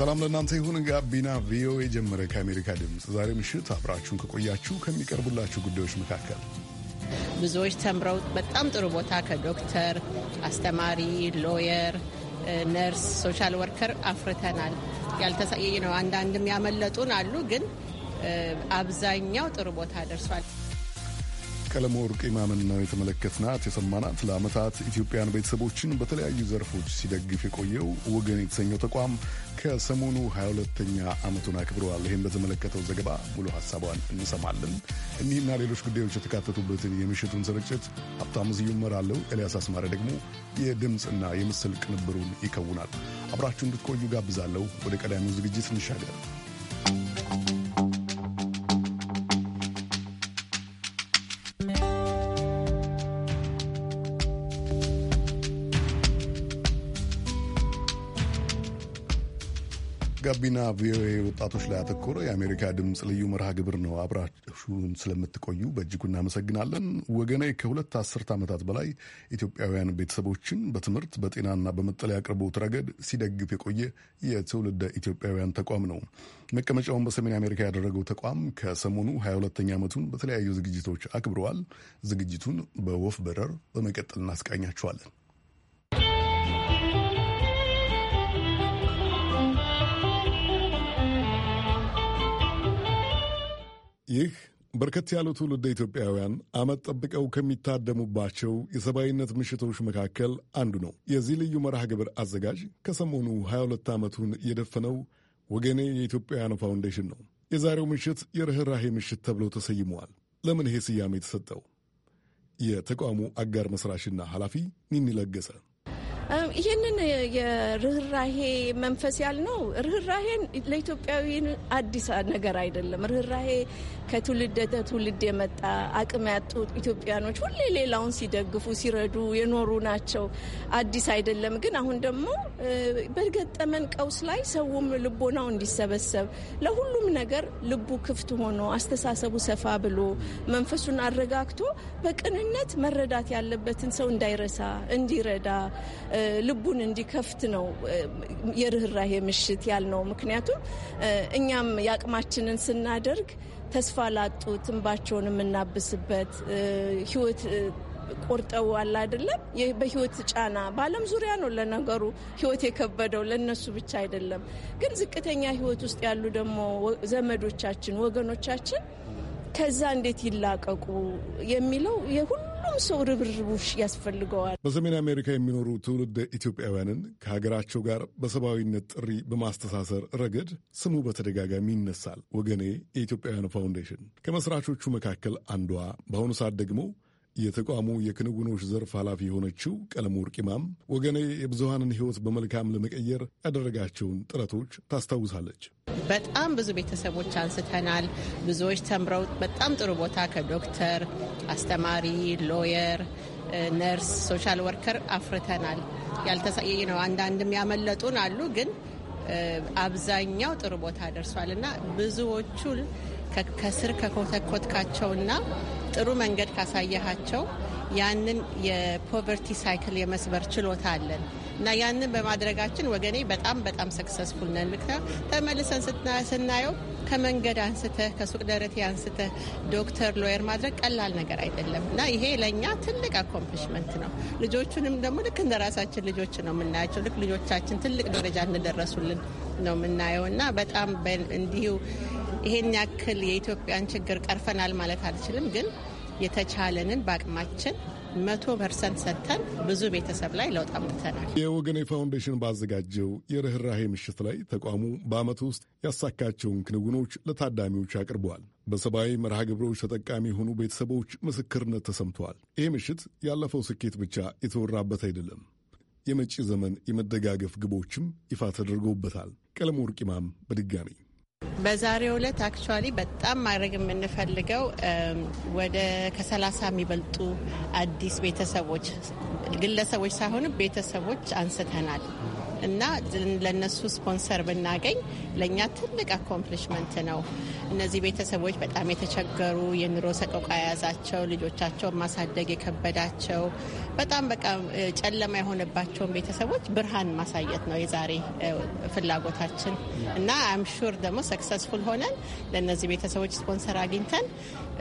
ሰላም ለእናንተ ይሁን። ጋቢና ቪኦኤ ጀመረ። ከአሜሪካ ድምፅ ዛሬ ምሽት አብራችሁን ከቆያችሁ ከሚቀርቡላችሁ ጉዳዮች መካከል ብዙዎች ተምረው በጣም ጥሩ ቦታ ከዶክተር፣ አስተማሪ፣ ሎየር፣ ነርስ፣ ሶሻል ወርከር አፍርተናል። ያልተሳየ ነው። አንዳንድም ያመለጡን አሉ፣ ግን አብዛኛው ጥሩ ቦታ ደርሷል። ቀለም ወርቅ ኢማምን ነው የተመለከትናት የሰማናት። ለአመታት ኢትዮጵያን ቤተሰቦችን በተለያዩ ዘርፎች ሲደግፍ የቆየው ወገን የተሰኘው ተቋም ከሰሞኑ 22 ተኛ ዓመቱን አክብረዋል። ይህም በተመለከተው ዘገባ ሙሉ ሀሳቧን እንሰማለን። እኒህና ሌሎች ጉዳዮች የተካተቱበትን የምሽቱን ስርጭት ሀብታሙ ስዩም እመራለሁ። ኤልያስ አስማረ ደግሞ የድምፅና የምስል ቅንብሩን ይከውናል። አብራችሁ እንድትቆዩ ጋብዛለሁ። ወደ ቀዳሚው ዝግጅት እንሻገር። ጋቢና ቪኦኤ ወጣቶች ላይ ያተኮረ የአሜሪካ ድምፅ ልዩ መርሃ ግብር ነው። አብራችሁን ስለምትቆዩ በእጅጉ እናመሰግናለን። ወገኔ ከሁለት አስርት ዓመታት በላይ ኢትዮጵያውያን ቤተሰቦችን በትምህርት በጤናና በመጠለያ አቅርቦት ረገድ ሲደግፍ የቆየ የትውልደ ኢትዮጵያውያን ተቋም ነው። መቀመጫውን በሰሜን አሜሪካ ያደረገው ተቋም ከሰሞኑ 22ኛ ዓመቱን በተለያዩ ዝግጅቶች አክብረዋል። ዝግጅቱን በወፍ በረር በመቀጠል እናስቃኛችኋለን። ይህ በርከት ያሉ ትውልደ ኢትዮጵያውያን አመት ጠብቀው ከሚታደሙባቸው የሰብአዊነት ምሽቶች መካከል አንዱ ነው። የዚህ ልዩ መርሃ ግብር አዘጋጅ ከሰሞኑ 22 ዓመቱን የደፈነው ወገኔ የኢትዮጵያውያን ፋውንዴሽን ነው። የዛሬው ምሽት የርኅራሄ ምሽት ተብሎ ተሰይመዋል። ለምን ይሄ ስያሜ የተሰጠው? የተቋሙ አጋር መስራችና ኃላፊ ኒኒ ለገሰ ይህንን የርኅራሄ መንፈስ ያልነው ርኅራሄን ለኢትዮጵያዊ አዲስ ነገር አይደለም። ርኅራሄ ከትውልድ ትውልድ የመጣ አቅም ያጡ ኢትዮጵያኖች ሁሌ ሌላውን ሲደግፉ ሲረዱ የኖሩ ናቸው። አዲስ አይደለም። ግን አሁን ደግሞ በገጠመን ቀውስ ላይ ሰውም ልቦናው እንዲሰበሰብ ለሁሉም ነገር ልቡ ክፍት ሆኖ አስተሳሰቡ ሰፋ ብሎ መንፈሱን አረጋግቶ በቅንነት መረዳት ያለበትን ሰው እንዳይረሳ እንዲረዳ ልቡን እንዲከፍት ነው የርኅራሄ ምሽት ያልነው። ምክንያቱም እኛም የአቅማችንን ስናደርግ ተስፋ ላጡ ትንባቸውን የምናብስበት ህይወት ቆርጠው አለ አይደለም። በህይወት ጫና በዓለም ዙሪያ ነው ለነገሩ ህይወት የከበደው ለነሱ ብቻ አይደለም። ግን ዝቅተኛ ህይወት ውስጥ ያሉ ደግሞ ዘመዶቻችን፣ ወገኖቻችን ከዛ እንዴት ይላቀቁ የሚለው የሁሉም ሰው ርብርቦሽ ያስፈልገዋል። በሰሜን አሜሪካ የሚኖሩ ትውልድ ኢትዮጵያውያንን ከሀገራቸው ጋር በሰብአዊነት ጥሪ በማስተሳሰር ረገድ ስሙ በተደጋጋሚ ይነሳል። ወገኔ የኢትዮጵያውያን ፋውንዴሽን ከመስራቾቹ መካከል አንዷ በአሁኑ ሰዓት ደግሞ የተቋሙ የክንውኖች ዘርፍ ኃላፊ የሆነችው ቀለም ወርቅ ወገኔ የብዙሃንን ህይወት በመልካም ለመቀየር ያደረጋቸውን ጥረቶች ታስታውሳለች። በጣም ብዙ ቤተሰቦች አንስተናል። ብዙዎች ተምረው በጣም ጥሩ ቦታ ከዶክተር፣ አስተማሪ፣ ሎየር፣ ነርስ፣ ሶሻል ወርከር አፍርተናል። ያልተሳየ ነው። አንዳንድም ያመለጡን አሉ ግን አብዛኛው ጥሩ ቦታ ደርሷል እና ብዙዎቹ ከስር ከኮተኮትካቸውና ጥሩ መንገድ ካሳየሃቸው ያንን የፖቨርቲ ሳይክል የመስበር ችሎታ አለን እና ያንን በማድረጋችን ወገኔ በጣም በጣም ሰክሰስፉል ነን። ምክንያት ተመልሰን ስናየው ከመንገድ አንስተህ ከሱቅ ደረቴ አንስተህ ዶክተር፣ ሎየር ማድረግ ቀላል ነገር አይደለም እና ይሄ ለእኛ ትልቅ አኮምፕሊሽመንት ነው። ልጆቹንም ደግሞ ልክ እንደ ራሳችን ልጆች ነው የምናያቸው። ልክ ልጆቻችን ትልቅ ደረጃ እንደደረሱልን ነው የምናየው እና በጣም እንዲሁ ይሄን ያክል የኢትዮጵያን ችግር ቀርፈናል ማለት አልችልም፣ ግን የተቻለንን በአቅማችን መቶ ፐርሰንት ሰጥተን ብዙ ቤተሰብ ላይ ለውጥ አምጥተናል። የወገኔ ፋውንዴሽን ባዘጋጀው የርኅራሄ ምሽት ላይ ተቋሙ በዓመት ውስጥ ያሳካቸውን ክንውኖች ለታዳሚዎች አቅርበዋል። በሰብአዊ መርሃ ግብሮች ተጠቃሚ የሆኑ ቤተሰቦች ምስክርነት ተሰምተዋል። ይህ ምሽት ያለፈው ስኬት ብቻ የተወራበት አይደለም። የመጪ ዘመን የመደጋገፍ ግቦችም ይፋ ተደርገውበታል። ቀለም ወርቅ ማም በድጋሚ በዛሬው ዕለት አክቹዋሊ በጣም ማድረግ የምንፈልገው ወደ ከሰላሳ የሚበልጡ አዲስ ቤተሰቦች ግለሰቦች ሳይሆኑ ቤተሰቦች አንስተናል። እና ለነሱ ስፖንሰር ብናገኝ ለእኛ ትልቅ አኮምፕሊሽመንት ነው። እነዚህ ቤተሰቦች በጣም የተቸገሩ የኑሮ ሰቆቃ የያዛቸው ልጆቻቸውን ማሳደግ የከበዳቸው በጣም በቃ ጨለማ የሆነባቸውን ቤተሰቦች ብርሃን ማሳየት ነው የዛሬ ፍላጎታችን እና አም ሹር ደግሞ ሰክሰስፉል ሆነን ለእነዚህ ቤተሰቦች ስፖንሰር አግኝተን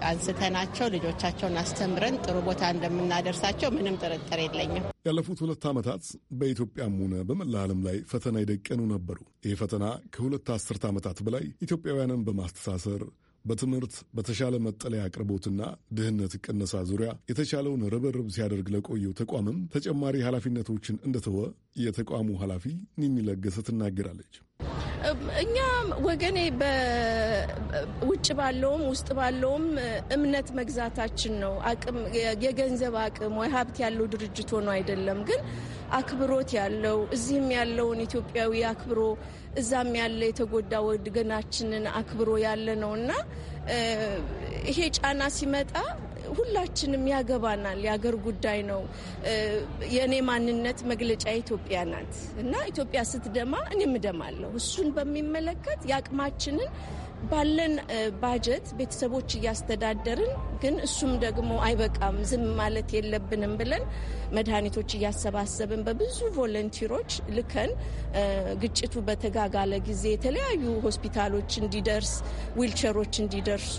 አንስተናቸው ልጆቻቸውን አስተምረን ጥሩ ቦታ እንደምናደርሳቸው ምንም ጥርጥር የለኝም። ያለፉት ሁለት ዓመታት በኢትዮጵያም ሆነ በመላ ዓለም ላይ ፈተና የደቀኑ ነበሩ። ይህ ፈተና ከሁለት አስርት ዓመታት በላይ ኢትዮጵያውያንን በማስተሳሰር በትምህርት በተሻለ መጠለያ አቅርቦትና ድህነት ቅነሳ ዙሪያ የተቻለውን ርብርብ ሲያደርግ ለቆየው ተቋምም ተጨማሪ ኃላፊነቶችን እንደተወ የተቋሙ ኃላፊ ኒኒ ለገሰ ትናገራለች። እኛ ወገኔ በውጭ ባለውም ውስጥ ባለውም እምነት መግዛታችን ነው። አቅም የገንዘብ አቅም ወይ ሀብት ያለው ድርጅት ሆኖ አይደለም ግን አክብሮት ያለው እዚህም ያለውን ኢትዮጵያዊ አክብሮ እዛም ያለ የተጎዳ ወገናችንን አክብሮ ያለ ነው እና ይሄ ጫና ሲመጣ ሁላችንም ያገባናል። የአገር ጉዳይ ነው። የእኔ ማንነት መግለጫ ኢትዮጵያ ናት እና ኢትዮጵያ ስትደማ እኔም እደማለሁ። እሱን በሚመለከት የአቅማችንን ባለን ባጀት ቤተሰቦች እያስተዳደርን ግን እሱም ደግሞ አይበቃም፣ ዝም ማለት የለብንም ብለን መድኃኒቶች እያሰባሰብን በብዙ ቮለንቲሮች ልከን ግጭቱ በተጋጋለ ጊዜ የተለያዩ ሆስፒታሎች እንዲደርስ ዊልቸሮች እንዲደርሱ፣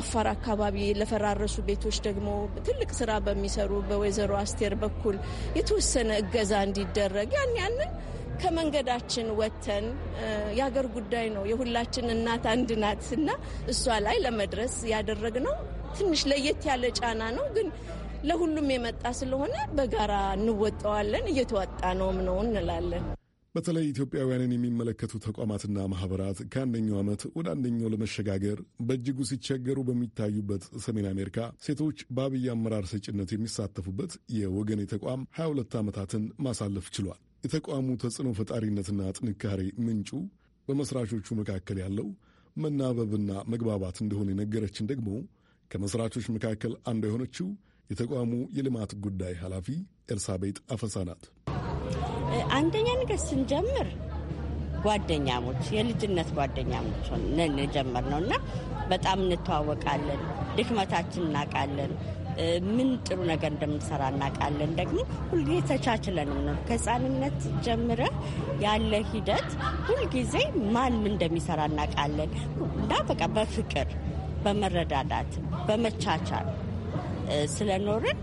አፋር አካባቢ ለፈራረሱ ቤቶች ደግሞ ትልቅ ስራ በሚሰሩ በወይዘሮ አስቴር በኩል የተወሰነ እገዛ እንዲደረግ ያን ያንን ከመንገዳችን ወጥተን የሀገር ጉዳይ ነው የሁላችን እናት አንድ ናት እና እሷ ላይ ለመድረስ ያደረግነው ትንሽ ለየት ያለ ጫና ነው ግን ለሁሉም የመጣ ስለሆነ በጋራ እንወጣዋለን እየተወጣ ነውም ነው እንላለን። በተለይ ኢትዮጵያውያንን የሚመለከቱ ተቋማትና ማህበራት ከአንደኛው ዓመት ወደ አንደኛው ለመሸጋገር በእጅጉ ሲቸገሩ በሚታዩበት ሰሜን አሜሪካ ሴቶች በአብይ አመራር ሰጭነት የሚሳተፉበት የወገኔ ተቋም 22 ዓመታትን ማሳለፍ ችሏል። የተቋሙ ተጽዕኖ ፈጣሪነትና ጥንካሬ ምንጩ በመስራቾቹ መካከል ያለው መናበብና መግባባት እንደሆነ የነገረችን ደግሞ ከመስራቾች መካከል አንዷ የሆነችው የተቋሙ የልማት ጉዳይ ኃላፊ ኤልሳቤጥ አፈሳ ናት። አንደኛ ነገር ስንጀምር ጓደኛሞች የልጅነት ጓደኛሞች ነን የጀመርነው እና በጣም እንተዋወቃለን፣ ድክመታችን እናውቃለን፣ ምን ጥሩ ነገር እንደምንሰራ እናውቃለን። ደግሞ ሁልጊዜ ተቻችለንም ነው ከህፃንነት ጀምረ ያለ ሂደት ሁልጊዜ ማን ምን እንደሚሰራ እናውቃለን እና በቃ በፍቅር በመረዳዳት በመቻቻል ስለኖርን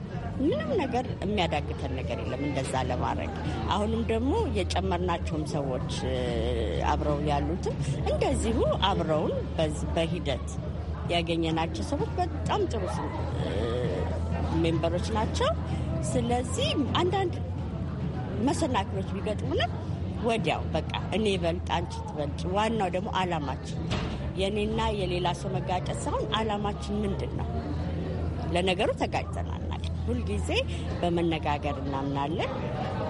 ምንም ነገር የሚያዳግተን ነገር የለም። እንደዛ ለማድረግ አሁንም ደግሞ የጨመርናቸውም ሰዎች አብረው ያሉትም እንደዚሁ አብረውን በሂደት ያገኘናቸው ሰዎች በጣም ጥሩ ሜምበሮች ናቸው። ስለዚህ አንዳንድ መሰናክሎች ቢገጥሙንም ወዲያው በቃ እኔ ይበልጥ አንቺ ትበልጭ። ዋናው ደግሞ አላማችን የእኔና የሌላ ሰው መጋጨት ሳይሆን አላማችን ምንድን ነው? ለነገሩ ተጋጭተናል። ሁልጊዜ በመነጋገር እናምናለን፣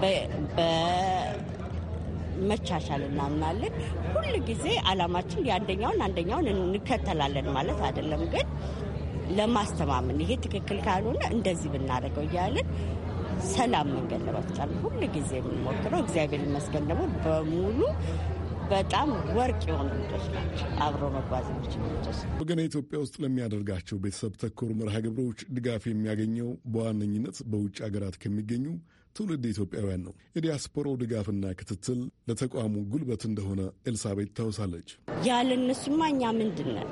በመቻቻል እናምናለን። ሁልጊዜ አላማችን የአንደኛውን አንደኛውን እንከተላለን ማለት አይደለም ግን ለማስተማመን ይሄ ትክክል ካልሆነ እንደዚህ ብናደርገው እያለን ሰላም መንገድ ለመፍጠር ሁል ጊዜ የምንሞክረው። እግዚአብሔር ይመስገን ደግሞ በሙሉ በጣም ወርቅ የሆኑ ልጆች ናቸው። አብሮ መጓዝ የሚችሉ ልጆች ወገን ኢትዮጵያ ውስጥ ለሚያደርጋቸው ቤተሰብ ተኮር መርሃ ግብሮች ድጋፍ የሚያገኘው በዋነኝነት በውጭ ሀገራት ከሚገኙ ትውልድ ኢትዮጵያውያን ነው። የዲያስፖራው ድጋፍና ክትትል ለተቋሙ ጉልበት እንደሆነ ኤልሳቤት ታውሳለች። ያለ እነሱማ እኛ ምንድን ነን?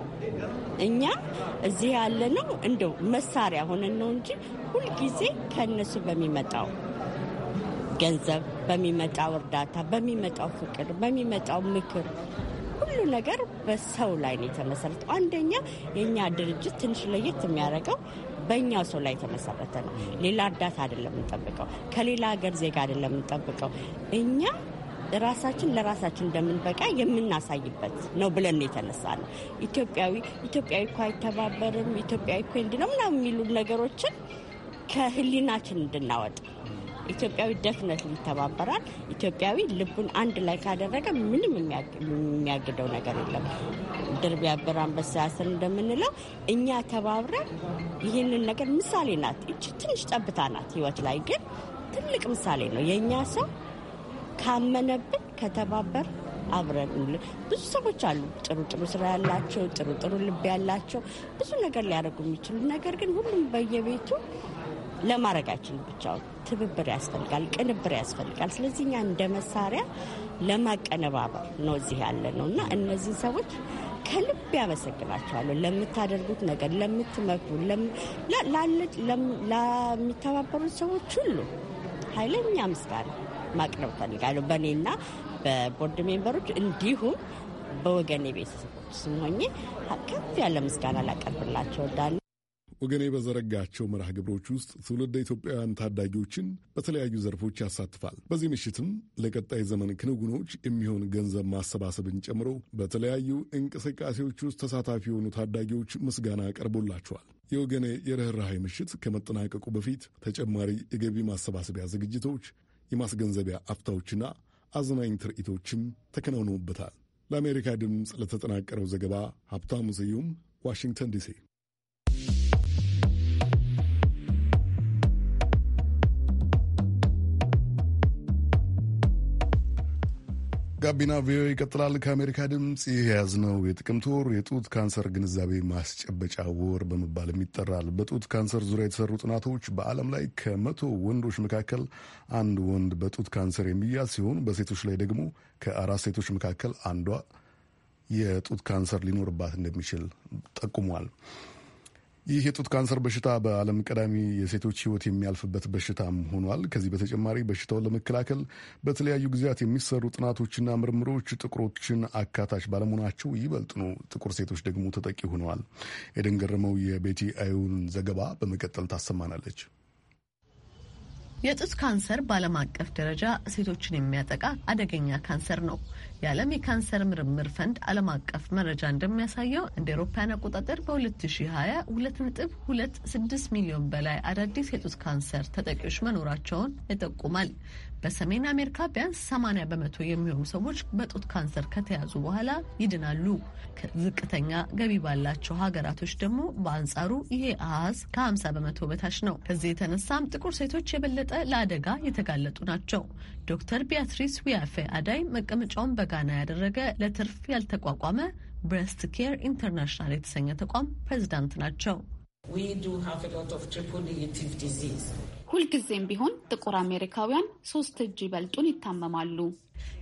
እኛ እዚህ ያለ ነው እንደው መሳሪያ ሆነን ነው እንጂ ሁልጊዜ ከእነሱ በሚመጣው ገንዘብ፣ በሚመጣው እርዳታ፣ በሚመጣው ፍቅር፣ በሚመጣው ምክር ሁሉ ነገር በሰው ላይ ነው የተመሰረተው። አንደኛ የእኛ ድርጅት ትንሽ ለየት የሚያደርገው በእኛው ሰው ላይ የተመሰረተ ነው። ሌላ እርዳታ አይደለም የምንጠብቀው፣ ከሌላ ሀገር ዜጋ አይደለም የምንጠብቀው። እኛ ራሳችን ለራሳችን እንደምንበቃ የምናሳይበት ነው ብለን የተነሳ ነው። ኢትዮጵያዊ ኢትዮጵያዊ እኮ አይተባበርም፣ ኢትዮጵያዊ እኮ እንዲህ ነው ምናምን የሚሉ ነገሮችን ከህሊናችን እንድናወጣ። ኢትዮጵያዊ ደፍነት ይተባበራል። ኢትዮጵያዊ ልቡን አንድ ላይ ካደረገ ምንም የሚያግደው ነገር የለም። ድር ቢያብር አንበሳ ያስር እንደምንለው እኛ ተባብረን ይህንን ነገር ምሳሌ ናት። እች ትንሽ ጠብታ ናት ህይወት ላይ ግን ትልቅ ምሳሌ ነው። የእኛ ሰው ካመነብን ከተባበር አብረን ብዙ ሰዎች አሉ። ጥሩ ጥሩ ስራ ያላቸው ጥሩ ጥሩ ልብ ያላቸው ብዙ ነገር ሊያደርጉ የሚችሉ ነገር ግን ሁሉም በየቤቱ ለማድረጋችን ብቻው ትብብር ያስፈልጋል፣ ቅንብር ያስፈልጋል። ስለዚህ እኛ እንደ መሳሪያ ለማቀነባበር ነው እዚህ ያለ ነው እና እነዚህ ሰዎች ከልብ ያመሰግናቸዋለሁ ለምታደርጉት ነገር፣ ለምትመክሩ፣ ለሚተባበሩት ሰዎች ሁሉ ኃይለኛ ምስጋና ማቅረብ ፈልጋለሁ በእኔና በቦርድ ሜምበሮች እንዲሁም በወገኔ ቤተሰቦች ስም ሆኜ ከፍ ያለ ምስጋና ላቀርብላቸው እወዳለሁ። ወገኔ በዘረጋቸው መርሃ ግብሮች ውስጥ ትውልደ ኢትዮጵያውያን ታዳጊዎችን በተለያዩ ዘርፎች ያሳትፋል። በዚህ ምሽትም ለቀጣይ ዘመን ክንውኖች የሚሆን ገንዘብ ማሰባሰብን ጨምሮ በተለያዩ እንቅስቃሴዎች ውስጥ ተሳታፊ የሆኑ ታዳጊዎች ምስጋና ቀርቦላቸዋል። የወገኔ የርኅራሃይ ምሽት ከመጠናቀቁ በፊት ተጨማሪ የገቢ ማሰባሰቢያ ዝግጅቶች፣ የማስገንዘቢያ አፍታዎችና አዝናኝ ትርኢቶችም ተከናውነውበታል። ለአሜሪካ ድምፅ ለተጠናቀረው ዘገባ ሀብታሙ ስዩም ዋሽንግተን ዲሲ ጋቢና ቪኦኤ ይቀጥላል። ከአሜሪካ ድምፅ ይህ የያዝነው የጥቅምት ወር የጡት ካንሰር ግንዛቤ ማስጨበጫ ወር በመባልም ይጠራል። በጡት ካንሰር ዙሪያ የተሰሩ ጥናቶች በዓለም ላይ ከመቶ ወንዶች መካከል አንድ ወንድ በጡት ካንሰር የሚያዝ ሲሆን በሴቶች ላይ ደግሞ ከአራት ሴቶች መካከል አንዷ የጡት ካንሰር ሊኖርባት እንደሚችል ጠቁሟል። ይህ የጡት ካንሰር በሽታ በዓለም ቀዳሚ የሴቶች ህይወት የሚያልፍበት በሽታም ሆኗል። ከዚህ በተጨማሪ በሽታውን ለመከላከል በተለያዩ ጊዜያት የሚሰሩ ጥናቶችና ምርምሮች ጥቁሮችን አካታች ባለመሆናቸው ይበልጥኑ ጥቁር ሴቶች ደግሞ ተጠቂ ሆነዋል። ኤደን ገረመው የቤቲ አዩን ዘገባ በመቀጠል ታሰማናለች። የጡት ካንሰር በዓለም አቀፍ ደረጃ ሴቶችን የሚያጠቃ አደገኛ ካንሰር ነው። የዓለም የካንሰር ምርምር ፈንድ ዓለም አቀፍ መረጃ እንደሚያሳየው እንደ ኤሮፓያን አቆጣጠር በ2020 2.26 ሚሊዮን በላይ አዳዲስ የጡት ካንሰር ተጠቂዎች መኖራቸውን ይጠቁማል። በሰሜን አሜሪካ ቢያንስ 80 በመቶ የሚሆኑ ሰዎች በጡት ካንሰር ከተያዙ በኋላ ይድናሉ። ዝቅተኛ ገቢ ባላቸው ሀገራቶች ደግሞ በአንጻሩ ይሄ አሃዝ ከ50 በመቶ በታች ነው። ከዚህ የተነሳም ጥቁር ሴቶች የበለጠ ለአደጋ የተጋለጡ ናቸው። ዶክተር ቢያትሪስ ዊያፌ አዳይ መቀመጫውን በጋና ያደረገ ለትርፍ ያልተቋቋመ ብረስት ኬር ኢንተርናሽናል የተሰኘ ተቋም ፕሬዚዳንት ናቸው። ሁልጊዜም ቢሆን ጥቁር አሜሪካውያን ሶስት እጅ ይበልጡን ይታመማሉ።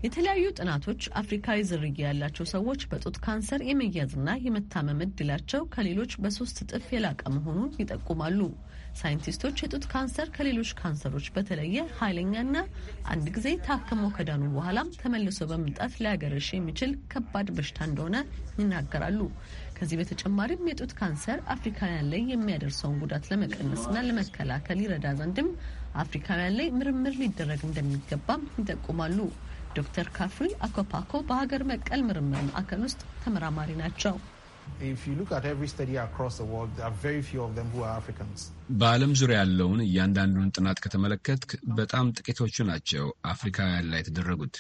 የተለያዩ ጥናቶች አፍሪካዊ ዝርያ ያላቸው ሰዎች በጡት ካንሰር የመያዝና የመታመም እድላቸው ከሌሎች በሶስት እጥፍ የላቀ መሆኑን ይጠቁማሉ። ሳይንቲስቶች የጡት ካንሰር ከሌሎች ካንሰሮች በተለየ ኃይለኛና አንድ ጊዜ ታክሞ ከዳኑ በኋላም ተመልሶ በመምጣት ሊያገረሽ የሚችል ከባድ በሽታ እንደሆነ ይናገራሉ። ከዚህ በተጨማሪም የጡት ካንሰር አፍሪካውያን ላይ የሚያደርሰውን ጉዳት ለመቀነስና ለመከላከል ይረዳ ዘንድም አፍሪካውያን ላይ ምርምር ሊደረግ እንደሚገባም ይጠቁማሉ። ዶክተር ካፍሪ አኮፓኮ በሀገር በቀል ምርምር ማዕከል ውስጥ ተመራማሪ ናቸው። በዓለም ዙሪያ ያለውን እያንዳንዱን ጥናት ከተመለከትክ በጣም ጥቂቶቹ ናቸው አፍሪካውያን ላይ የተደረጉት።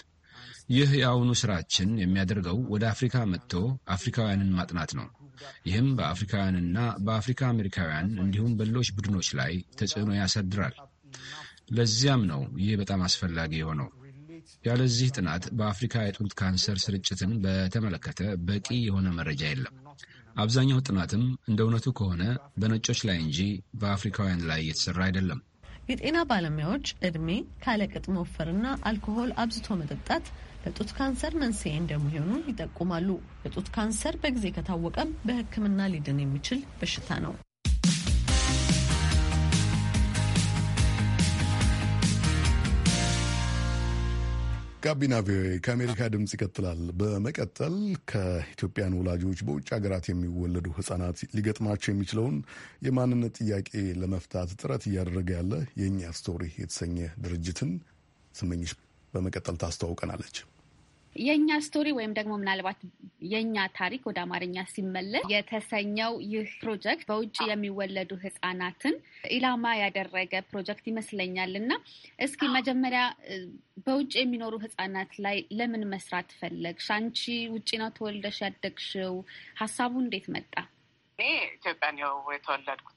ይህ የአሁኑ ስራችን የሚያደርገው ወደ አፍሪካ መጥቶ አፍሪካውያንን ማጥናት ነው። ይህም በአፍሪካውያንና በአፍሪካ አሜሪካውያን እንዲሁም በሌሎች ቡድኖች ላይ ተጽዕኖ ያሳድራል። ለዚያም ነው ይህ በጣም አስፈላጊ የሆነው። ያለዚህ ጥናት በአፍሪካ የጡት ካንሰር ስርጭትን በተመለከተ በቂ የሆነ መረጃ የለም። አብዛኛው ጥናትም እንደ እውነቱ ከሆነ በነጮች ላይ እንጂ በአፍሪካውያን ላይ እየተሰራ አይደለም። የጤና ባለሙያዎች እድሜ፣ ካለቅጥ መወፈርና አልኮሆል አብዝቶ መጠጣት ለጡት ካንሰር መንስኤ እንደሚሆኑ ይጠቁማሉ። የጡት ካንሰር በጊዜ ከታወቀም በሕክምና ሊድን የሚችል በሽታ ነው። ጋቢና ቪኦኤ ከአሜሪካ ድምፅ ይቀጥላል። በመቀጠል ከኢትዮጵያን ወላጆች በውጭ ሀገራት የሚወለዱ ህጻናት ሊገጥማቸው የሚችለውን የማንነት ጥያቄ ለመፍታት ጥረት እያደረገ ያለ የእኛ ስቶሪ የተሰኘ ድርጅትን ስመኝሽ በመቀጠል ታስተዋውቀናለች። የእኛ ስቶሪ ወይም ደግሞ ምናልባት የእኛ ታሪክ ወደ አማርኛ ሲመለስ የተሰኘው ይህ ፕሮጀክት በውጭ የሚወለዱ ህጻናትን ኢላማ ያደረገ ፕሮጀክት ይመስለኛል እና እስኪ መጀመሪያ በውጭ የሚኖሩ ህጻናት ላይ ለምን መስራት ፈለግሽ? አንቺ ውጭ ነው ተወልደሽ ያደግሽው። ሀሳቡ እንዴት መጣ? እኔ ኢትዮጵያ ነው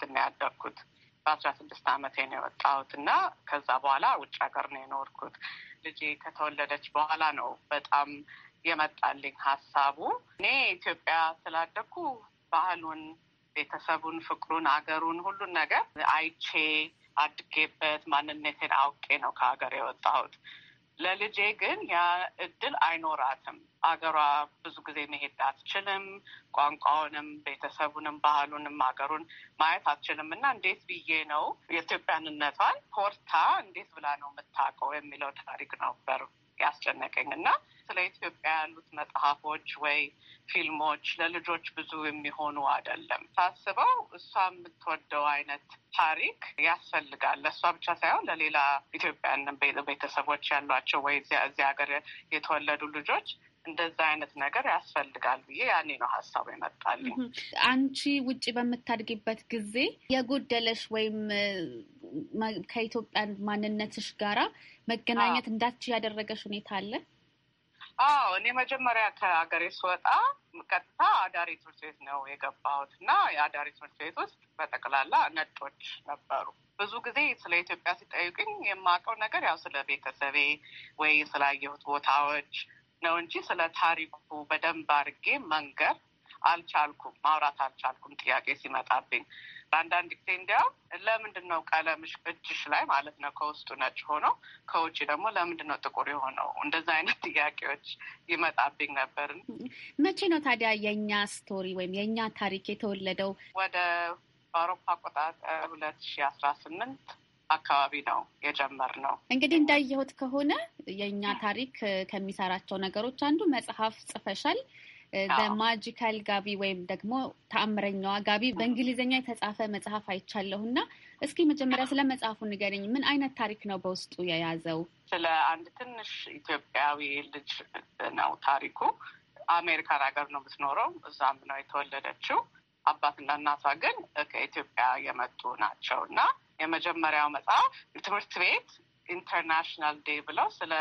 እና ያደግኩት በአስራ ስድስት ዓመቴ ነው የወጣሁት እና ከዛ በኋላ ውጭ ሀገር ነው የኖርኩት። ልጄ ከተወለደች በኋላ ነው በጣም የመጣልኝ ሀሳቡ። እኔ ኢትዮጵያ ስላደኩ ባህሉን፣ ቤተሰቡን፣ ፍቅሩን፣ አገሩን፣ ሁሉን ነገር አይቼ አድጌበት ማንነቴን አውቄ ነው ከሀገር የወጣሁት። ለልጄ ግን ያ እድል አይኖራትም። አገሯ ብዙ ጊዜ መሄድ አትችልም። ቋንቋውንም፣ ቤተሰቡንም፣ ባህሉንም አገሩን ማየት አትችልም እና እንዴት ብዬ ነው የኢትዮጵያንነቷን ፖርታ እንዴት ብላ ነው የምታውቀው የሚለው ታሪክ ነበር ያስጨነቀኝ እና ስለ ኢትዮጵያ ያሉት መጽሐፎች ወይ ፊልሞች ለልጆች ብዙ የሚሆኑ አይደለም። ሳስበው እሷ የምትወደው አይነት ታሪክ ያስፈልጋል። ለእሷ ብቻ ሳይሆን ለሌላ ኢትዮጵያን ቤተሰቦች ያሏቸው ወይ እዚህ ሀገር የተወለዱ ልጆች እንደዛ አይነት ነገር ያስፈልጋል ብዬ ያኔ ነው ሀሳቡ ይመጣልኝ። አንቺ ውጭ በምታድጊበት ጊዜ የጎደለሽ ወይም ከኢትዮጵያ ማንነትሽ ጋራ መገናኘት እንዳች ያደረገሽ ሁኔታ አለ? አዎ እኔ መጀመሪያ ከሀገሬ ስወጣ ቀጥታ አዳሪ ትምህርት ቤት ነው የገባሁት እና የአዳሪ ትምህርት ቤት ውስጥ በጠቅላላ ነጮች ነበሩ። ብዙ ጊዜ ስለ ኢትዮጵያ ሲጠይቅኝ የማውቀው ነገር ያው ስለ ቤተሰቤ ወይ ስላየሁት ቦታዎች ነው እንጂ ስለ ታሪኩ በደንብ አድርጌ መንገር አልቻልኩም፣ ማውራት አልቻልኩም ጥያቄ ሲመጣብኝ። በአንዳንድ ጊዜ እንዲያውም ለምንድን ነው ቀለምሽ እጅሽ ላይ ማለት ነው ከውስጡ ነጭ ሆኖ ከውጭ ደግሞ ለምንድን ነው ጥቁር የሆነው? እንደዛ አይነት ጥያቄዎች ይመጣብኝ ነበር። መቼ ነው ታዲያ የእኛ ስቶሪ ወይም የእኛ ታሪክ የተወለደው? ወደ በአውሮፓ አቆጣጠር ሁለት ሺ አስራ ስምንት አካባቢ ነው የጀመርነው። እንግዲህ እንዳየሁት ከሆነ የእኛ ታሪክ ከሚሰራቸው ነገሮች አንዱ መጽሐፍ ጽፈሻል። በማጂካል ጋቢ ወይም ደግሞ ተአምረኛዋ ጋቢ በእንግሊዝኛ የተጻፈ መጽሐፍ አይቻለሁ እና እስኪ መጀመሪያ ስለ መጽሐፉ ንገረኝ። ምን አይነት ታሪክ ነው በውስጡ የያዘው? ስለ አንድ ትንሽ ኢትዮጵያዊ ልጅ ነው ታሪኩ። አሜሪካን ሀገር ነው የምትኖረው፣ እዛም ነው የተወለደችው። አባትና እናቷ ግን ከኢትዮጵያ የመጡ ናቸው እና የመጀመሪያው መጽሐፍ ትምህርት ቤት ኢንተርናሽናል ዴይ ብለው ስለ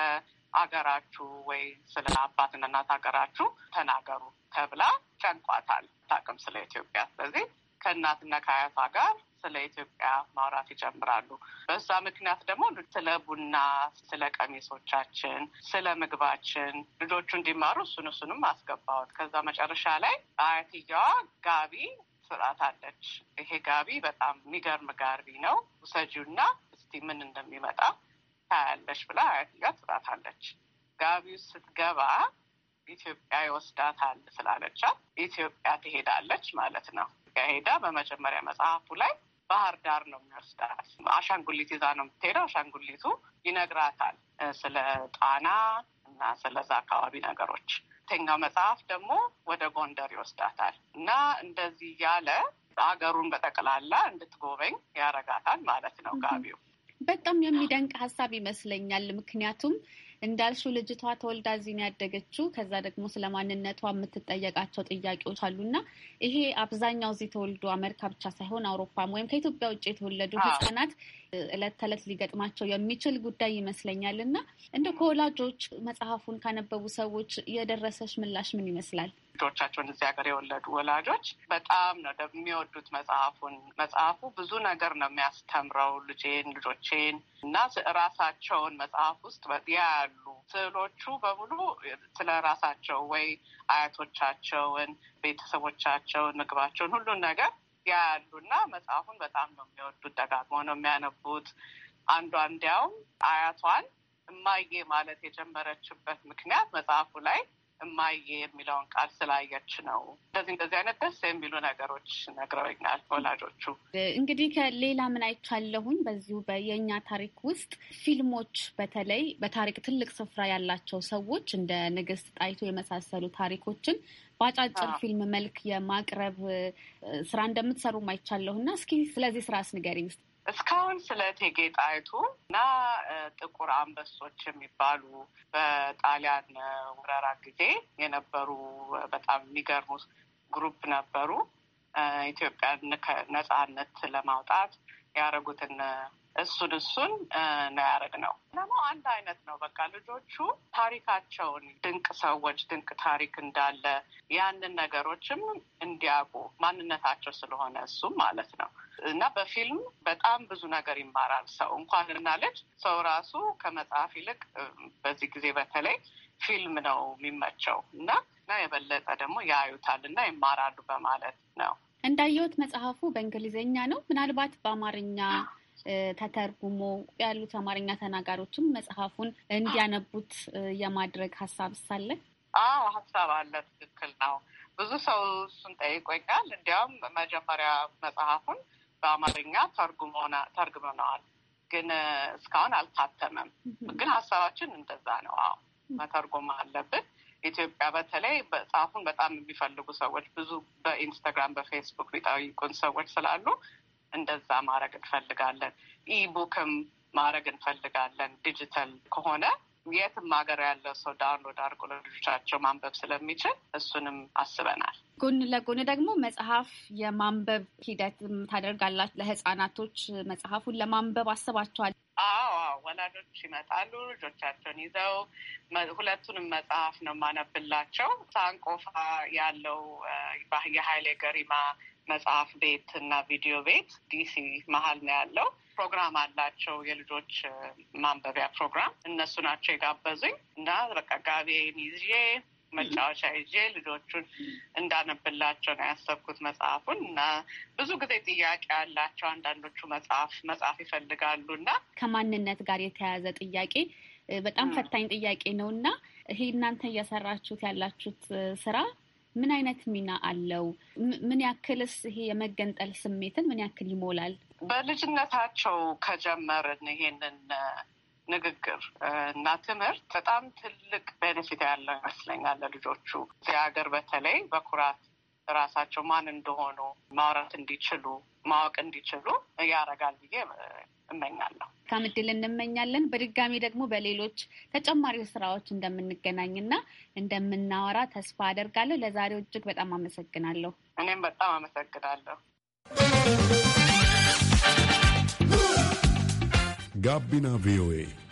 አገራችሁ ወይ ስለ አባትና እናት አገራችሁ ተናገሩ ተብላ ጨንቋታል። ታቅም ስለ ኢትዮጵያ ስለዚህ ከእናትና ከአያቷ ጋር ስለ ኢትዮጵያ ማውራት ይጀምራሉ። በዛ ምክንያት ደግሞ ስለ ቡና፣ ስለ ቀሚሶቻችን፣ ስለ ምግባችን ልጆቹ እንዲማሩ እሱን እሱንም አስገባሁት። ከዛ መጨረሻ ላይ አያትየዋ ጋቢ ስርዓት አለች። ይሄ ጋቢ በጣም የሚገርም ጋቢ ነው፣ ውሰጂውና እስቲ ምን እንደሚመጣ ታያለሽ ብላ አያትጋ ትላታለች። ጋቢው ስትገባ ኢትዮጵያ ይወስዳታል ስላለቻት ኢትዮጵያ ትሄዳለች ማለት ነው። ሄዳ በመጀመሪያ መጽሐፉ ላይ ባህር ዳር ነው የሚወስዳት። አሻንጉሊት ይዛ ነው የምትሄደው። አሻንጉሊቱ ይነግራታል ስለ ጣና እና ስለዛ አካባቢ ነገሮች። ሁለተኛው መጽሐፍ ደግሞ ወደ ጎንደር ይወስዳታል እና እንደዚህ ያለ አገሩን በጠቅላላ እንድትጎበኝ ያረጋታል ማለት ነው ጋቢው። በጣም የሚደንቅ ሀሳብ ይመስለኛል። ምክንያቱም እንዳልሹ ልጅቷ ተወልዳ እዚህ ያደገችው ከዛ ደግሞ ስለ ማንነቷ የምትጠየቃቸው ጥያቄዎች አሉና ይሄ አብዛኛው እዚህ ተወልዶ አሜሪካ ብቻ ሳይሆን አውሮፓም ወይም ከኢትዮጵያ ውጭ የተወለዱ ህጻናት እለት ተዕለት ሊገጥማቸው የሚችል ጉዳይ ይመስለኛል እና እንደ ከወላጆች መጽሐፉን ካነበቡ ሰዎች የደረሰች ምላሽ ምን ይመስላል? ልጆቻቸውን እዚህ ሀገር የወለዱ ወላጆች በጣም ነው የሚወዱት መጽሐፉን። መጽሐፉ ብዙ ነገር ነው የሚያስተምረው ልጄን፣ ልጆቼን እና ራሳቸውን መጽሐፍ ውስጥ ያሉ ስዕሎቹ በሙሉ ስለ ራሳቸው ወይ አያቶቻቸውን፣ ቤተሰቦቻቸውን፣ ምግባቸውን ሁሉን ነገር ያሉ እና መጽሐፉን በጣም ነው የሚወዱት። ደጋግሞ ነው የሚያነቡት። አንዷ እንዲያውም አያቷን እማዬ ማለት የጀመረችበት ምክንያት መጽሐፉ ላይ እማዬ የሚለውን ቃል ስላየች ነው። እንደዚህ እንደዚህ አይነት ደስ የሚሉ ነገሮች ነግረውኛል ወላጆቹ። እንግዲህ ከሌላ ምን አይቻለሁኝ በዚሁ የእኛ ታሪክ ውስጥ ፊልሞች በተለይ በታሪክ ትልቅ ስፍራ ያላቸው ሰዎች እንደ ንግስት ጣይቶ የመሳሰሉ ታሪኮችን በአጫጭር ፊልም መልክ የማቅረብ ስራ እንደምትሰሩ አይቻለሁ እና እስኪ ስለዚህ ስራ ንገሪኝ ውስጥ እስካሁን ስለ እቴጌ ጣይቱ እና ጥቁር አንበሶች የሚባሉ በጣሊያን ወረራ ጊዜ የነበሩ በጣም የሚገርሙ ግሩፕ ነበሩ። ኢትዮጵያን ነጻነት ለማውጣት ያደረጉትን እሱን እሱን ነው ያደረግነው። ደግሞ አንድ አይነት ነው በቃ ልጆቹ ታሪካቸውን ድንቅ ሰዎች ድንቅ ታሪክ እንዳለ ያንን ነገሮችም እንዲያውቁ ማንነታቸው ስለሆነ እሱም ማለት ነው እና በፊልም በጣም ብዙ ነገር ይማራል ሰው እንኳን እና ልጅ ሰው ራሱ ከመጽሐፍ ይልቅ በዚህ ጊዜ በተለይ ፊልም ነው የሚመቸው እና እና የበለጠ ደግሞ ያዩታል እና ይማራሉ በማለት ነው። እንዳየሁት መጽሐፉ በእንግሊዝኛ ነው ምናልባት በአማርኛ ተተርጉሞ ያሉት አማርኛ ተናጋሪዎችም መጽሐፉን እንዲያነቡት የማድረግ ሀሳብ ሳለ? አዎ ሀሳብ አለ። ትክክል ነው። ብዙ ሰው እሱን ጠይቆኛል። እንዲያውም መጀመሪያ መጽሐፉን በአማርኛ ተርጉመነዋል፣ ግን እስካሁን አልታተመም። ግን ሀሳባችን እንደዛ ነው። አዎ መተርጎም አለብን። ኢትዮጵያ በተለይ መጽሐፉን በጣም የሚፈልጉ ሰዎች ብዙ በኢንስታግራም በፌስቡክ የሚጠይቁን ሰዎች ስላሉ እንደዛ ማድረግ እንፈልጋለን። ኢቡክም ማድረግ እንፈልጋለን። ዲጂታል ከሆነ የትም ሀገር ያለው ሰው ዳውንሎድ አድርጎ ለልጆቻቸው ማንበብ ስለሚችል እሱንም አስበናል። ጎን ለጎን ደግሞ መጽሐፍ የማንበብ ሂደት ታደርጋላችሁ። ለህፃናቶች መጽሐፉን ለማንበብ አስባችኋል? አዎ፣ ወላጆች ይመጣሉ ልጆቻቸውን ይዘው ሁለቱንም መጽሐፍ ነው የማነብላቸው። ሳንቆፋ ያለው የሀይሌ ገሪማ መጽሐፍ ቤት እና ቪዲዮ ቤት ዲሲ መሀል ነው ያለው። ፕሮግራም አላቸው፣ የልጆች ማንበቢያ ፕሮግራም። እነሱ ናቸው የጋበዙኝ እና በቃ ጋቤን ይዤ መጫወቻ ይዤ ልጆቹን እንዳነብላቸው ነው ያሰብኩት መጽሐፉን። እና ብዙ ጊዜ ጥያቄ ያላቸው አንዳንዶቹ መጽሐፍ መጽሐፍ ይፈልጋሉ እና ከማንነት ጋር የተያያዘ ጥያቄ በጣም ፈታኝ ጥያቄ ነው እና ይሄ እናንተ እያሰራችሁት ያላችሁት ስራ ምን አይነት ሚና አለው? ምን ያክልስ ይሄ የመገንጠል ስሜትን ምን ያክል ይሞላል? በልጅነታቸው ከጀመርን ይሄንን ንግግር እና ትምህርት በጣም ትልቅ ቤኔፊት ያለው ይመስለኛል ለልጆቹ እዚህ ሀገር በተለይ በኩራት ራሳቸው ማን እንደሆኑ ማውራት እንዲችሉ ማወቅ እንዲችሉ ያደርጋል ብዬ እመኛለሁ። መልካም እድል እንመኛለን። በድጋሚ ደግሞ በሌሎች ተጨማሪ ስራዎች እንደምንገናኝና እንደምናወራ ተስፋ አደርጋለሁ። ለዛሬው እጅግ በጣም አመሰግናለሁ። እኔም በጣም አመሰግናለሁ። ጋቢና ቪኦኤ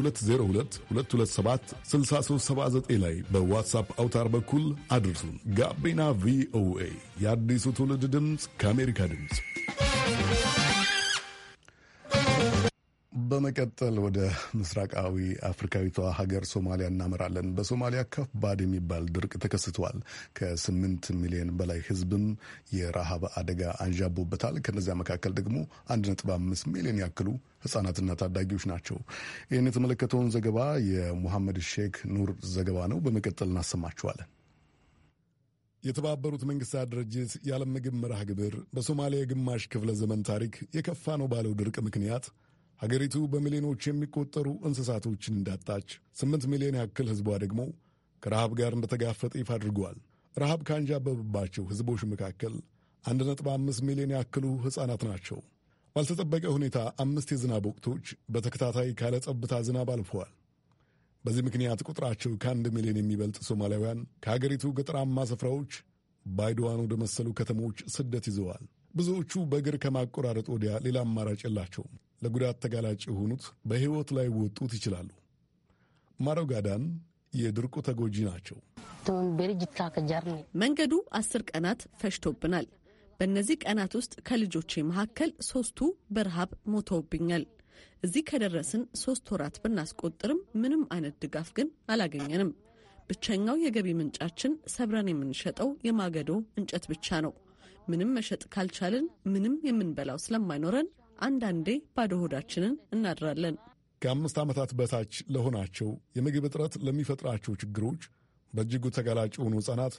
2022276379 ላይ በዋትሳፕ አውታር በኩል አድርሱን። ጋቢና ቪኦኤ የአዲሱ ትውልድ ድምፅ ከአሜሪካ ድምፅ። በመቀጠል ወደ ምስራቃዊ አፍሪካዊቷ ሀገር ሶማሊያ እናመራለን። በሶማሊያ ከባድ የሚባል ድርቅ ተከስቷል። ከስምንት ሚሊዮን በላይ ህዝብም የረሃብ አደጋ አንዣቦበታል። ከነዚያ መካከል ደግሞ አንድ ነጥብ አምስት ሚሊዮን ያክሉ ህጻናትና ታዳጊዎች ናቸው። ይህን የተመለከተውን ዘገባ የሙሐመድ ሼክ ኑር ዘገባ ነው። በመቀጠል እናሰማችኋለን። የተባበሩት መንግስታት ድርጅት የዓለም ምግብ መርሃ ግብር በሶማሊያ የግማሽ ክፍለ ዘመን ታሪክ የከፋ ነው ባለው ድርቅ ምክንያት ሀገሪቱ በሚሊዮኖች የሚቆጠሩ እንስሳቶችን እንዳጣች፣ ስምንት ሚሊዮን ያክል ህዝቧ ደግሞ ከረሃብ ጋር እንደተጋፈጠ ይፋ አድርጓል። ረሃብ ካንዣበበባቸው ህዝቦች መካከል አንድ ሚሊዮን ያክሉ ሕፃናት ናቸው። ባልተጠበቀ ሁኔታ አምስት የዝናብ ወቅቶች በተከታታይ ካለ ጸብታ ዝናብ አልፈዋል። በዚህ ምክንያት ቁጥራቸው ከአንድ ሚሊዮን የሚበልጥ ሶማሊያውያን ከአገሪቱ ገጠራማ ስፍራዎች ባይድዋን ወደ መሰሉ ከተሞች ስደት ይዘዋል። ብዙዎቹ በእግር ከማቆራረጥ ወዲያ ሌላ አማራጭ የላቸውም። ለጉዳት ተጋላጭ የሆኑት በሕይወት ላይ ወጡት ይችላሉ። ማረጋዳን የድርቁ ተጎጂ ናቸው። መንገዱ አስር ቀናት ፈሽቶብናል። በእነዚህ ቀናት ውስጥ ከልጆቼ መካከል ሶስቱ በረሃብ ሞተውብኛል። እዚህ ከደረስን ሶስት ወራት ብናስቆጥርም ምንም አይነት ድጋፍ ግን አላገኘንም። ብቸኛው የገቢ ምንጫችን ሰብረን የምንሸጠው የማገዶ እንጨት ብቻ ነው። ምንም መሸጥ ካልቻልን ምንም የምንበላው ስለማይኖረን አንዳንዴ ባዶ ሆዳችንን እናድራለን። ከአምስት ዓመታት በታች ለሆናቸው የምግብ እጥረት ለሚፈጥራቸው ችግሮች በእጅጉ ተጋላጭ የሆኑ ሕፃናት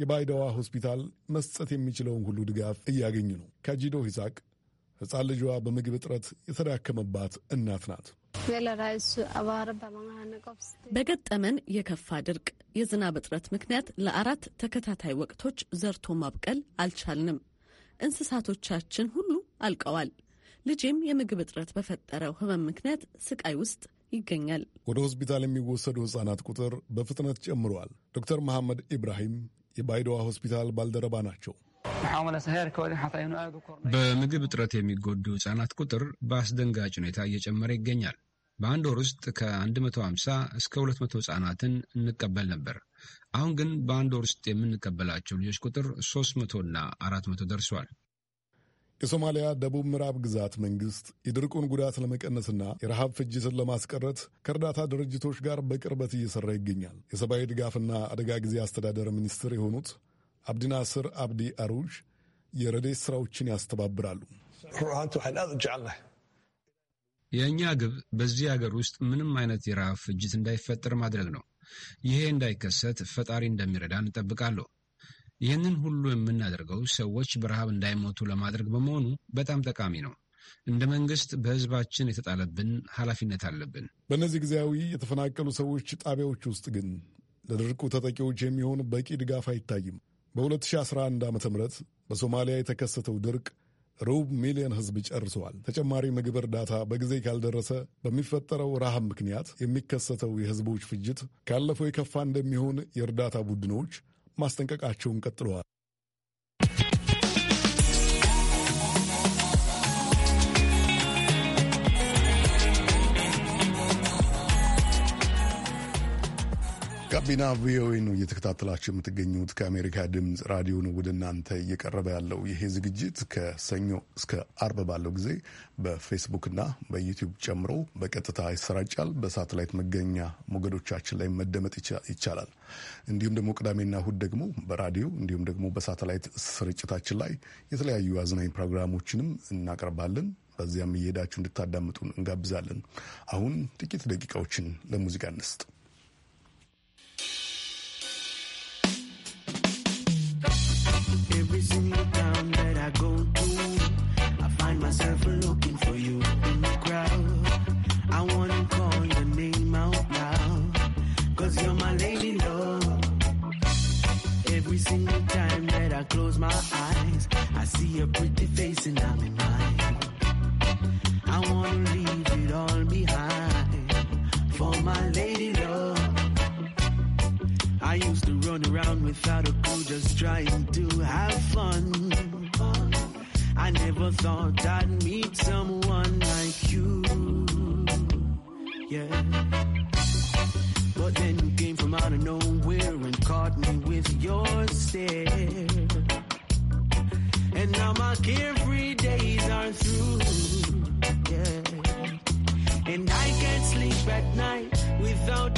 የባይዳዋ ሆስፒታል መስጠት የሚችለውን ሁሉ ድጋፍ እያገኙ ነው። ከጂዶ ሂሳቅ ሕፃን ልጇ በምግብ እጥረት የተዳከመባት እናት ናት። በገጠመን የከፋ ድርቅ የዝናብ እጥረት ምክንያት ለአራት ተከታታይ ወቅቶች ዘርቶ ማብቀል አልቻልንም። እንስሳቶቻችን ሁሉ አልቀዋል። ልጄም የምግብ እጥረት በፈጠረው ህመም ምክንያት ስቃይ ውስጥ ይገኛል። ወደ ሆስፒታል የሚወሰዱ ሕፃናት ቁጥር በፍጥነት ጨምረዋል። ዶክተር መሐመድ ኢብራሂም የባይዶዋ ሆስፒታል ባልደረባ ናቸው። በምግብ እጥረት የሚጎዱ ህጻናት ቁጥር በአስደንጋጭ ሁኔታ እየጨመረ ይገኛል። በአንድ ወር ውስጥ ከ150 እስከ 200 ህጻናትን እንቀበል ነበር። አሁን ግን በአንድ ወር ውስጥ የምንቀበላቸው ልጆች ቁጥር 300 እና 400 ደርሷል። የሶማሊያ ደቡብ ምዕራብ ግዛት መንግስት የድርቁን ጉዳት ለመቀነስና የረሃብ ፍጅትን ለማስቀረት ከእርዳታ ድርጅቶች ጋር በቅርበት እየሰራ ይገኛል። የሰብአዊ ድጋፍና አደጋ ጊዜ አስተዳደር ሚኒስትር የሆኑት አብዲናስር አብዲ አሩጅ የረዴት ስራዎችን ያስተባብራሉ። የእኛ ግብ በዚህ ሀገር ውስጥ ምንም አይነት የረሃብ ፍጅት እንዳይፈጠር ማድረግ ነው። ይሄ እንዳይከሰት ፈጣሪ እንደሚረዳ እንጠብቃለሁ። ይህንን ሁሉ የምናደርገው ሰዎች በረሃብ እንዳይሞቱ ለማድረግ በመሆኑ በጣም ጠቃሚ ነው። እንደ መንግስት በህዝባችን የተጣለብን ኃላፊነት አለብን። በእነዚህ ጊዜያዊ የተፈናቀሉ ሰዎች ጣቢያዎች ውስጥ ግን ለድርቁ ተጠቂዎች የሚሆን በቂ ድጋፍ አይታይም። በ2011 ዓ ም በሶማሊያ የተከሰተው ድርቅ ሩብ ሚሊዮን ህዝብ ጨርሰዋል። ተጨማሪ ምግብ እርዳታ በጊዜ ካልደረሰ በሚፈጠረው ረሃብ ምክንያት የሚከሰተው የህዝቦች ፍጅት ካለፈው የከፋ እንደሚሆን የእርዳታ ቡድኖች ማስጠንቀቃቸውን ቀጥለዋል። ጋቢና ቪኦኤ ነው እየተከታተላችሁ የምትገኙት። ከአሜሪካ ድምፅ ራዲዮ ነው ወደ እናንተ እየቀረበ ያለው። ይሄ ዝግጅት ከሰኞ እስከ አርብ ባለው ጊዜ በፌስቡክና በዩቲዩብ ጨምሮ በቀጥታ ይሰራጫል። በሳተላይት መገኛ ሞገዶቻችን ላይ መደመጥ ይቻላል። እንዲሁም ደግሞ ቅዳሜና እሁድ ደግሞ በራዲዮ እንዲሁም ደግሞ በሳተላይት ስርጭታችን ላይ የተለያዩ አዝናኝ ፕሮግራሞችንም እናቀርባለን። በዚያም እየሄዳችሁ እንድታዳምጡን እንጋብዛለን። አሁን ጥቂት ደቂቃዎችን ለሙዚቃ እንስጥ።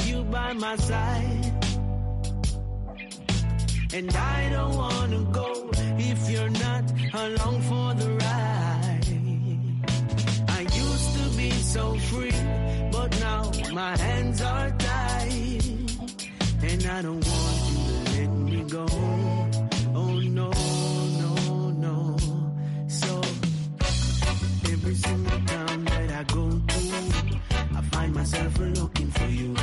you by my side. And I don't wanna go if you're not along for the ride. I used to be so free, but now my hands are tied. And I don't want you to let me go. Oh no, no, no. So every single time that I go to, I find myself looking for you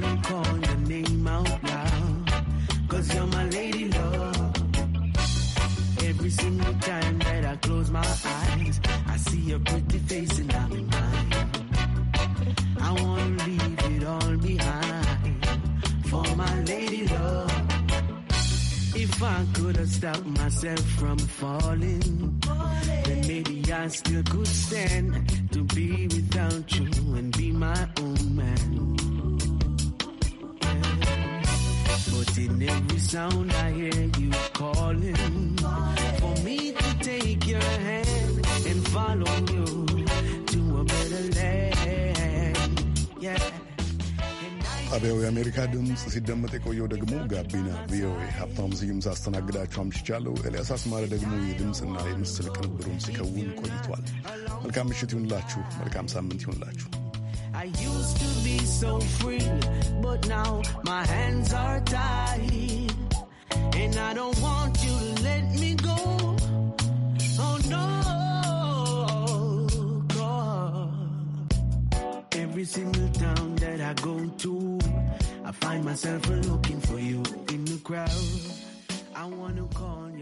call name out you you're my lady love. Every single time that I close my eyes, I see your pretty face and I'm in mine. I wanna leave it all behind for my lady love. If I could have stopped myself from falling, then maybe I still could stand to be without you and be my own man. But in every sound I hear you calling for me to take your hand and follow you to a better land. Yeah. ጣቢያው የአሜሪካ ድምፅ ሲደመጥ የቆየው ደግሞ ጋቢና ቪኦኤ ሀብታሙ ስዩም ሳስተናግዳችሁ አምሽቻለሁ። ኤልያስ አስማረ ደግሞ የድምፅና የምስል ቅንብሩን ሲከውን ቆይቷል። መልካም ምሽት ይሁንላችሁ። መልካም ሳምንት ይሁንላችሁ። I used to be so free, but now my hands are tied. And I don't want you to let me go. Oh no, God. Every single town that I go to, I find myself looking for you in the crowd. I wanna call